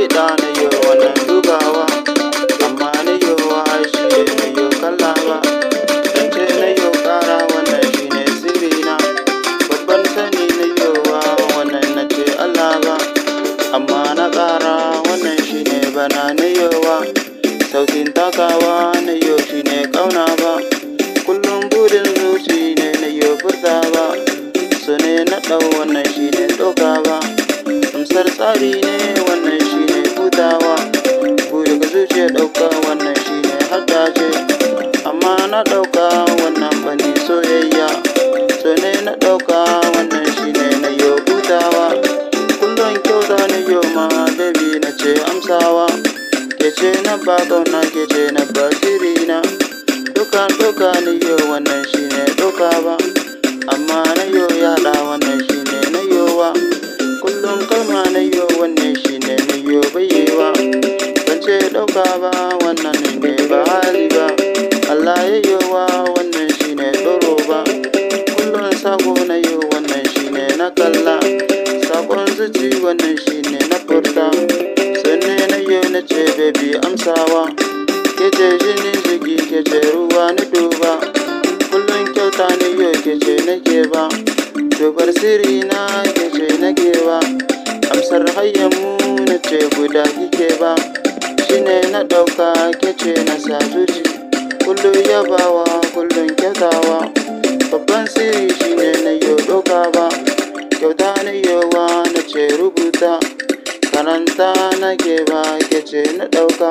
kiɗa na yo wannan dubawa amma na shi ne na na ƙara wannan shi ne sirina babban sani na yo wannan na ce Allah ba amma na ƙara wannan shi ne bana na yowa sautin takawa na yo shi ne ƙauna ba kullum burin zuci ne na yo furta ba su ne na ɗau wannan shi ne ɗauka ba amsar tsari ne wannan ce ɗauka wannan shi ne hata amma na ɗauka wannan ba soyayya so ne na ɗauka wannan shi ne na yo hutawa kullum kyauta ni yo ma baby na ce amsawa ke ce na ba na ke ce na ba sirina duka duka ni yo wannan shi ne ɗauka ba kuka ba wannan ne ba hali ba Allah ya yi wa wannan shine tsoro ba kullum sako na yi wannan shine na kalla sakon zuci wannan shine na furta sanne na yi na ce bebi amsawa ke ce ne jigi ke ce ruwa na duba kullum kyauta ne yau ke ce nake ba dubar siri na ke ce nake ba amsar hayyamu na ce guda kike ba shi ne na ɗauka kece na sajuji kullum yabawa kullum kyatawa babban sirri shi ne na yau ɗauka ba kyauta na yawa na ce rubuta karanta na ke ba kece na ɗauka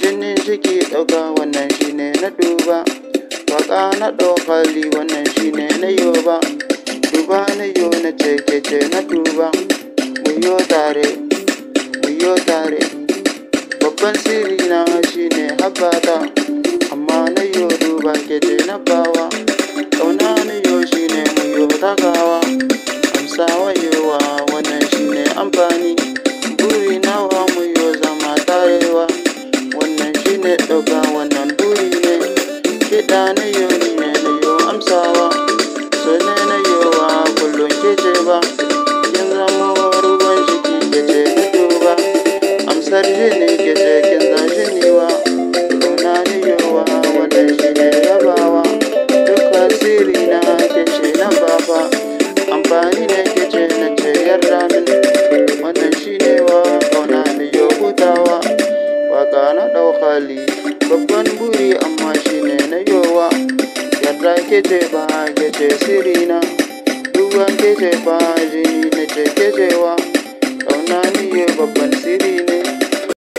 jinin jiki ɗauka wannan shi ne na duba waka na ɗaukali wannan shi ne na yau ba duba na yau na ce kece na duba mu yo tare mu yo tare babban sirri na shine haɓata amma na yo duba ke ce na bawa ƙauna na yo shine mu yo takawa amsa wayewa wannan shine amfani buri nawa mu yo zama tarewa wannan shine ɗauka wannan buri ne kiɗa na yo ni ne na yo amsawa so ne na yo wa kullum ke ce ba kin zama ruwan jiki ke ce ba amsar ne gece ba, gece sirina Duban gece ba, jini na ce gecewa Ƙauna ni babban siri ne